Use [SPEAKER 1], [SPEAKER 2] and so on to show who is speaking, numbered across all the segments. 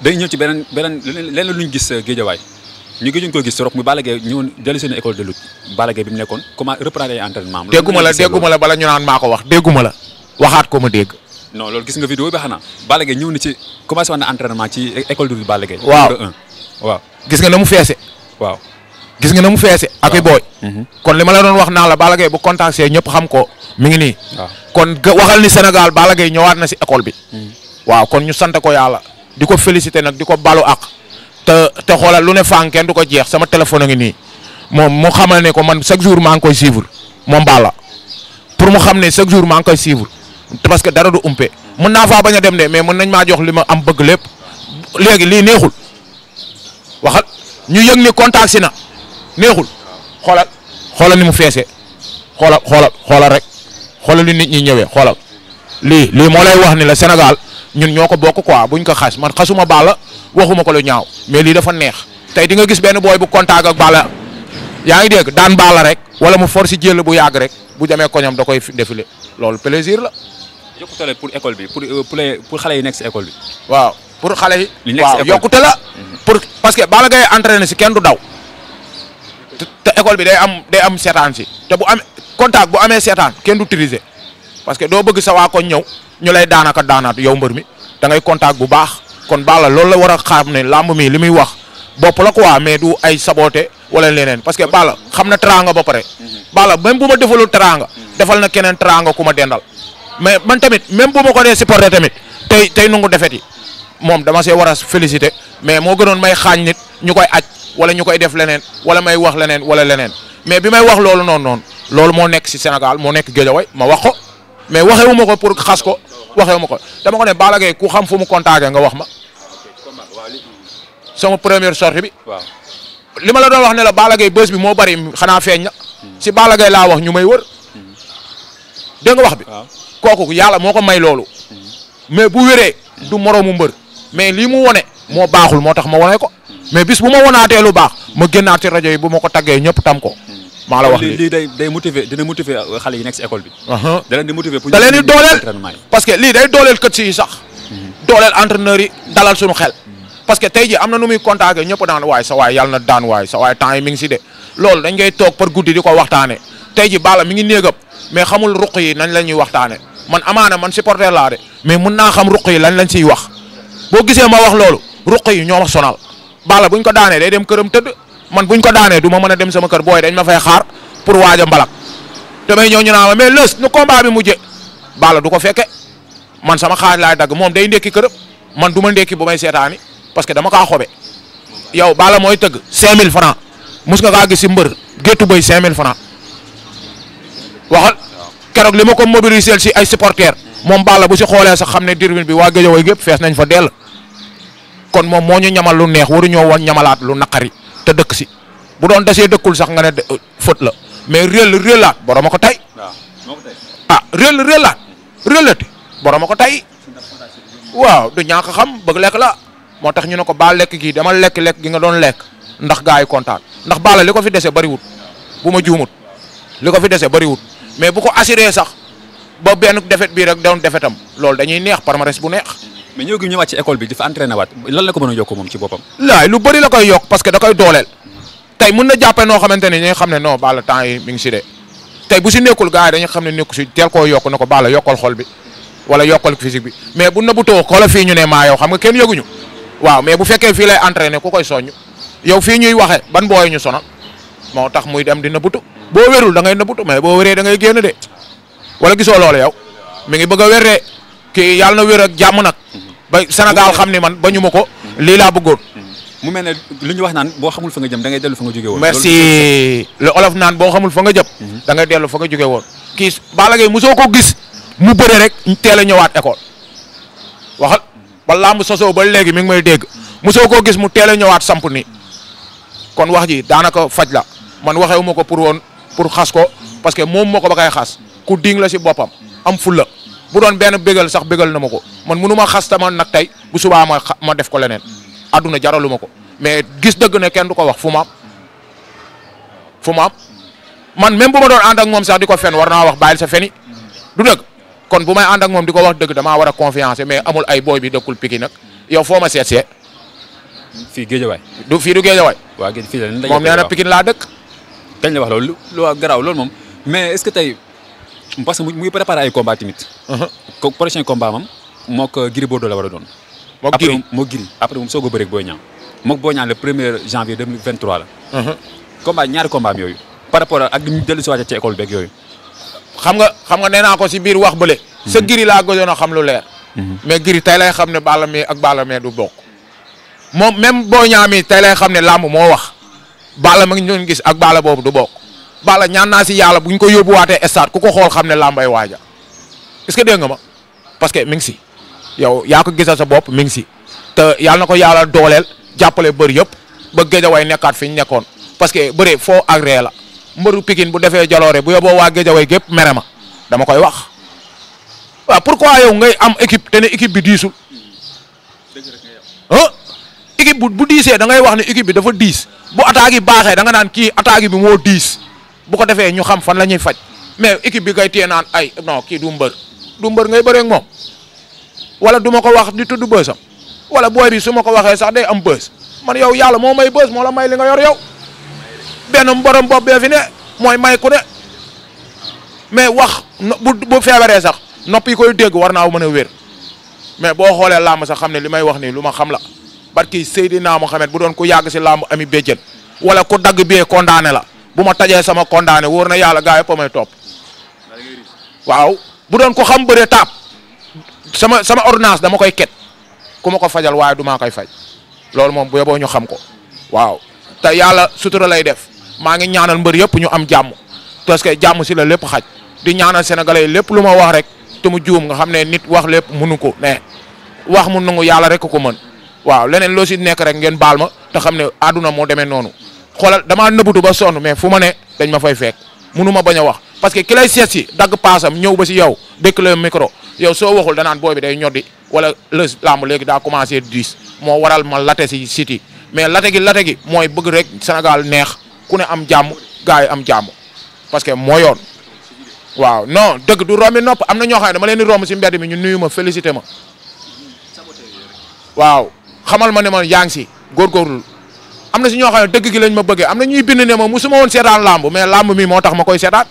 [SPEAKER 1] day ñëw ci beneen beneen leneen lu ñu gis euh, géejawaay ñu gëjuñ ko gis trop mu Balla seen école de lutte Balla bi mu nekkoon comment reprendre ay entraînement am. la dégguma
[SPEAKER 2] bala ñu naan maa ko wax dégguma la waxaat ko ma dégg.
[SPEAKER 1] non loolu gis nga vidéo bi xanaa bala Gaye ñëw na ci commencé woon na entraînement ci école de lutte Balla Gaye. waaw numéro un
[SPEAKER 2] gis nga na mu feese. waaw gis nga na mu feese. ak i booy. Mhm. kon li ma la doon wax naa la bala Gaye bu contacté ñëpp xam ko mi ngi nii. waaw kon waxal ni Sénégal Balla Gaye ñëwaat na si école bi. Mhm. waaw kon ñu sant ko yàlla di ko félicité nag di ko balu ak te te xoolal lu ne faan kenn du ko jeex sama téléphone a ngi nii moom mu xamal ne ko man chaque jour maa ngi koy suivre moom Balla pour mu xam ne chaque jour maa ngi koy suivre parce que dara du umpe mën naa faa baña dem de mais mën na maa jox li ma am bëgg lépp léegi lii neexul waxal ñu yëg ni contact si na neexul xoolal xoolal ni mu feesee xoolal xoolal xoolal rek xoolal li nit ñi ñëwee xoolal lii moo lay wax ni la Sénégal. ñun ñoo ko bokk quoi buñ ko xas man xasuma Balla waxuma ko lu ñaaw mais lii dafa neex tey di nga gis benn booy bu contact ak Balla yaa ngi dégg daan Balla rek wala mu force jël bu yàgg rek bu demee koñam da koy défilé loolu plaisir
[SPEAKER 1] la. pour école bi pour euh, pour xale yi nekk si école bi. waaw pour xale yi. waaw yokkute la. Mhm. pour parce que Balla Gaye na si kenn du daw.
[SPEAKER 2] te école bi day am day am seetaan si te bu am contact bu amee seetaan kenn du triser. parce que doo bëgg sa ñëw ñu lay daanaka daanaat yow mbër mi da ngay contact bu baax kon Balla loolu la war a xam ne làmb mi li muy wax bopp la quoi mais du ay saboté wala leneen parce que Balla xam na teraanga ba pare. Mhm. Balla même bu ma defalul teraanga. Mhm. defal na keneen teraanga ku ma dendal. mais man tamit même bu ma ko dee supporté tamit tey tey nungu defet yi moom dama see war a félicité mais moo gënoon may xaañ nit ñu koy aj wala ñu def leneen wala may wax leneen wala leneen mais bi may wax loolu noonu noonu loolu moo nekk si Sénégal moo nekk Guédiawaye ma wax ko. mais waxewu ma ko pour xas ko waxewu ma ko dama ko ne Balla Gaye ku xam fu mu contacté nga wax ma sama première sortie bi li ma la doon wax ne la Balla Gaye bés bi moo bari xanaa feeñ na hmm. si Balla Gaye laa wax ñu may wër hmm. dégg wax bi kooku yàlla moo ko may loolu hmm. mais bu wéree du moroomu mbër mais lii mu wone moo baaxul moo tax ma wone ko mais bis bu ma wonaatee lu baax ma génnaat ci rajo yi bu ma ko taggee ñëpp tam ko
[SPEAKER 1] maa la wax lii lii day day motiver uh-huh. dooleel parce lii day dooleel kët sax. Mm-hmm. dooleel entraîneur yi dalal suñu xel.
[SPEAKER 2] Mm-hmm. parce tey jii am na nu muy contacté ñëpp daan waay sa waay daan waay sa waay yi mi de loolu dañ ngay toog par guddi di ko waxtaane tey ji bala mi ngi néegam xamul ruq yi nañ la waxtaane man amaana man supporter laa de mais mun naa xam ruq lañ lañ siy wax boo gisee ma wax loolu ruq yi sonal bala buñ ko daanee day dem këram tëdd man buñ ko daanee duma ma mën a dem sama kër booy dañ ma fay xaar pour waaj a mbalak damay ñëw ñu naa ma mais lës nu combat bi mujje baala du ko fekke man sama xaar laay dagg moom day ndekki kërëb man du ma ndekki bu may seetaani parce que dama kaa xobe yow baala mooy tëgg 5000 francs mus nga kaa gis si mbër géttu béy 5000 francs waxal keroog li ma ko mobiliser si ay supporters moom baala bu si xoolee sax xam ne dirwin bi waa Guédiawaye gépp fees nañ fa dell kon moom moo ñu ñamal lu neex waruñoo woon ñamalaat lu naqari te dëkk si bu doon desee dëkkul sax nga ne fët la mais réel réelaat borom a ko tay ah réel réelaat réelati borom a ko tay waaw du ñàkk xam bëgg lekk la moo tax ñu ne ko baal lekk gii dama lekk lekk gi nga doon lekk ndax gars yi kontaan ndax Balla li ko fi dese bëriwut bu ma juumut li ko fi dese bëriwut mais bu ko assuré sax ba benn defet bii rek doon defetam lool dañuy neex palmarès bu neex
[SPEAKER 1] mais ñoo gi ñëwaat ci école bi dafa entraîné waat lan la ko mën a yokk moom ci boppam.
[SPEAKER 2] laay lu bëri la koy yokk parce que da koy dooleel tey mun na jàppee noo xamante xam ne non Balla temps yi mi ngi si de tey bu si nekkul gars ne na ko Balla yokkal xol bi wala yokkal physique ñu ne maa yow xam ku koy soññ yow fii waxe ban booy ñu sonal moo tax muy dem di na nëbutu boo wérul da ngay nëbutu mais boo wéree da ngay génn de wala gisoo loolu yow mi ngi bëgg a wéree kii yàlla na wér ak jàmm nag. ba Sénégal xam ni man bañuma ko. lii laa bëggoon.
[SPEAKER 1] mu mel ne li ñu wax naan boo xamul fa nga jëm dangay ngay dellu fa nga jóge woon. merci le olof
[SPEAKER 2] naan boo xamul fa nga jëm.
[SPEAKER 1] Mhm. da dellu fa nga jóge woon.
[SPEAKER 2] kii Balla Gaye mosoo ko gis mu bëre rek teel a ñëwaat école waxal ba làmb sosoo ba léegi mi ngi may dégg mosoo koo gis mu teel a ñëwaat samp ni kon wax ji daanaka faj la man waxewu ma ko pour woon pour xas ko parce que moom moo ko ba kay xas ku ding la si boppam am fulla bu doon benn bégal sax bégal na ma ko man munu ma xas tama nag tey bu subaa ma ma def ko leneen àdduna jaraluma ko mais gis dëgg ne kenn du ko wax fu ma fu ma man même bu ma doon ànd moom sax di ko fen war naa wax bàyyil sa feni du dëgg kon bu may ànd ak moom di ko wax dëgg damaa war a confiance mais amul ay booy bi dëkkul piki nag yow foo ma seet see
[SPEAKER 1] fii géejawaay du fii du géejawaay waaw moom nee na pikin laa dëkk dañ la wax loolu lu garaaw loolu moom mais est-ce que tey parce que muy préparé ay combat tamit. ko uh-huh. prochain combat mam moo ko euh, Gris Bordeaux la a doon. moo Gris moo Gris après moom soog a bëreeg Boy Niang moog Boy Niang le premier janvier 2023 la. Uh-huh. combat ñaari combat yooyu. par rapport ak li mu dellu ci école beeg yooyu. xam nga xam nga nee naa ko si biir wax bële.
[SPEAKER 2] sa mm-hmm. Gris laa gëjoon a xam lu leer. Mm-hmm. mais Gris tey lay xam ne Balla Gaye ak Balla Gaye du bokk. moom même Boy Niang mi tey lay xam ne làmb moo wax. Balla ma ngi doon gis ak Balla boobu du bokk. Balla ñaan naa si yàlla buñ ko yóbbuwaatee stade ku ko xool xam ne làmbay waaja est-ce que dégg nga ma parce que mi ngi si yow yaa ko gisal sa bopp mi ngi si te yàlla na ko yàlla dooleel jàppale bëri yëpp ba Géejawaay nekkaat fi ñu nekkoon parce que bëri foo agréé la mbëru Pikine bu defee jaloore bu yoboo waa Géejawaay gépp mere ma dama koy wax waaw pourquoi yow ngay am équipe tene ne équipe bi diisul ah équipe bu bu diisee dangay wax ne équipe bi dafa diis bu attaque baaxee da naan kii attaque bi moo diis. bu ko defee ñu xam fan la ñuy faj mais équipe bi kay téye naan ay non kii du mbër du mbër ngay bëree moom wala du ma ko wax di tudd bësam wala booy su ma ko waxee sax day am bës man yow yàlla moo may bës moo la may li nga yor yow benn borom bopp bee fi mooy may ku ne mais wax bu bu feebaree sax nopp yi koy dégg war naa mën a wér mais boo xoolee làmb sax xam ne li may wax nii lu ma xam la barki Seydina Mohamed bu doon ku yàgg si làmb ami béjjën wala ku dagg bee condamné la. bu ma tajee sama condamné wóor na yàlla gaa yëpp may topp waaw bu doon ko xam bëre taab sama sama ordonnance dama koy ket ku ma ko fajal waaye du maa koy faj loolu moom bu yeboo ñu xam ko waaw te yàlla sutura lay def maa ngi ñaanal mbër yëpp ñu am jàmm parce que jàmm si la lépp xaj di ñaanal sénégalais lépp lu ma wax rek te mu juum nga xam ne nit wax lépp mënu ko ne wax mu nangu yàlla rek ko mën waaw leneen loo si nekk rek ngeen baal ma te xam ne àdduna moo demee noonu xoolal damaa nëbbutu ba sonn mais fu ma ne dañ ma fay fekk munu ma bañ a wax parce que ki lay seet si dagg paasam ñëw ba si yow dëkk la micro yow soo waxul danaan booy bi day ñoddi wala lës làmb léegi daa commencé diis moo waral ma late si siti mais late gi late gi mooy bëgg rek Sénégal neex ku ne am jàmm gars yi am jàmm parce que moo yoon waaw non dëgg du rombi nopp am na ñoo xam ne dama leen si mbedd mi ñu nuyu ma félicité ma waaw xamal ma ne ma yaa ngi si góorgóorlu am na si ñoo xam ne dëgg gi lañ ma bëggee am na ñuy bind ne ma musuma woon seetaan làmb mais làmb mi moo tax ma koy seetaan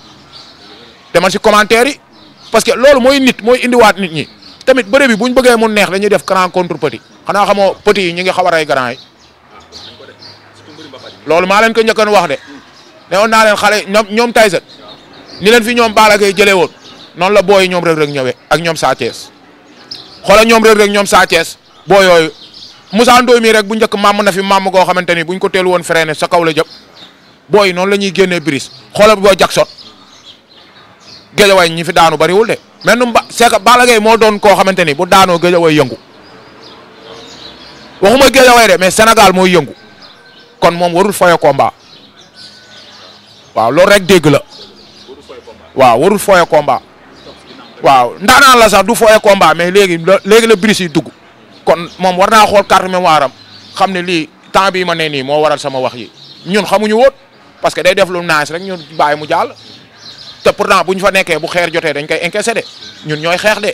[SPEAKER 2] demal si commentaire yi parce que loolu mooy nit mooy indiwaat nit ñi tamit bëre bi bu ñu bëggee mun neex dañuy def grand contre petit xanaa xamoo petit yi ñu ngi xaw a rey yi loolu maa leen ko njëkkoon wax de ne woon naa leen xale ñoom ñoom Tyson ni leen fi ñoom Balla Gaye jëlee woon noonu la booy ñoom Reug Reug ñëwee ak ñoom Sa Thiès xoolal ñoom ñoom Sa Thiès boo yooyu Moussa Ndoye rek bu njëkk maam na fi maam goo xamante ni buñ ko teel woon freiné sa kaw la jëm booy noonu la ñuy génnee brise xoolal boo Jackson géejawaay ñi fi daanu bariwul de mais nu ba c'est que Balla moo doon ko xamante ni bu daanoo géejawaay yëngu waxuma géejawaay de mais Sénégal mooy yëngu kon moom warul foye combat waaw loolu rek dégg la waaw warul foye combat waaw ndaanaan la sax du foye combat mais léegi léegi la brise yi dugg. kon moom war naa xool carte mémoire am xam ne lii temps bii ma ne nii moo waral sama wax yi ñun xamuñu woon parce que day def lu naas rek ñun baay mu jàll te pourtant bu ñu fa nekkee bu xeer jotee dañ koy encaissé de ñun ñooy xeex de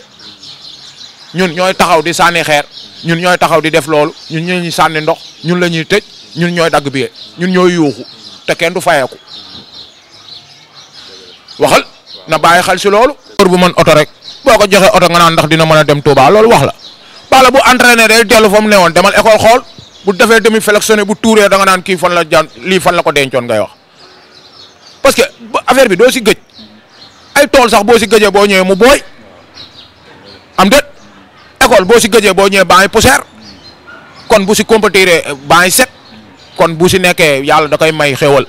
[SPEAKER 2] ñun ñooy taxaw di sànni xeer ñun ñooy taxaw di def loolu ñun ñoo ñuy sànni ndox ñun la ñuy tëj ñun ñooy dagg biye ñun ñooy yuuxu te kenn du fayeeku waxal na bàyyi xel si loolu. bu mën oto rek boo ko joxee oto nga naan ndax dina mën a dem Touba loolu wax la. Balla bu entraîné day dellu fa mu newoon demal école xool bu defee demi sélectionné bu tuuree da nga naan kii fan la jaan lii fan la ko dencoon ngay wax que affaire bi doo si gëj ay tool sax boo si gëjee boo ñëwee mu booy am déet école boo si gëjee boo ñëwee baa ngi poussière kon bu si compétiré baa ngi set kon bu si nekkee yàlla da koy may xéwal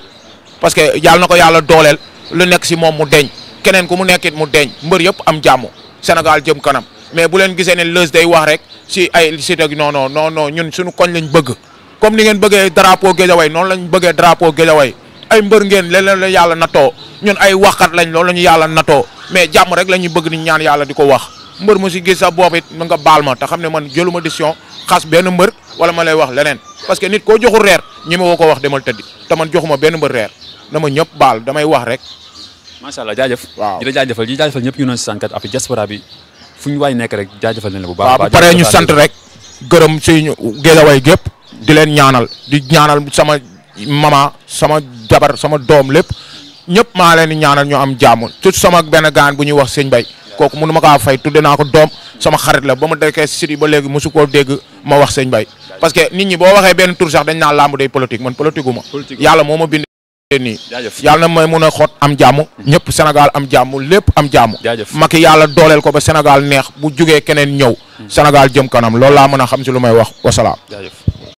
[SPEAKER 2] parce que yàlla na ko yàlla dooleel lu nekk si moom mu deñ keneen ku mu nekkit mu deñ mbër yëpp am jàmm Sénégal jëm kanam. mais bu leen gisee ne Leuz day wax rek si ay si teg non non non non ñun suñu koñ lañ bëgg comme ni ngeen bëggee drapeau Guédiawaye noonu lañ bëggee drapeau Guédiawaye ay mbër ngeen leneen la yàlla natoo ñun ay wax waxkat lañ loolu la ñu yàlla natoo mais jàmm rek la ñuy bëgg ni ñaan yàlla di ko wax mbër mu si gis sa bopp it na nga baal ma te xam ne man jëluma décision xas benn mbër wala ma lay wax leneen parce que nit koo joxul reer ñi ma woo ko wax demal tëdd te man joxuma benn mbër reer na ma ñëpp
[SPEAKER 1] baal damay wax rek. macha allah jaajëf. la jaajëfal di jaajëfal ñëpp ñu noon si sànqat ak fu ñu waay nekk rek jaajëfal nañ la bu baax paree ñu sant
[SPEAKER 2] rek gërëm suñu Guédiawaye gépp di leen ñaanal di ñaanal sama mama sama jabar sama doom lépp ñëpp maa leen di ñaanal ñu am jàmm tout sama benn gaan bu ñuy wax sëñ Bay kooku mënu ma kaa fay tudde naa ko doom sama xarit la ba ma dekkee siri ba léegi mosu koo dégg ma wax sëñ Bay parce que nit ñi boo waxee benn tur sax dañ naa làmb day politique man politique yàlla moo ma bind nii yàlla na may mun a xot am jàmm ñëpp Sénégal am jàmm lépp am jàmm Macky yàlla dooleel ko ba Sénégal neex bu jugee keneen ñëw hmm. Sénégal jëm kanam loolu laa mën a xam si lu may wax wasalaam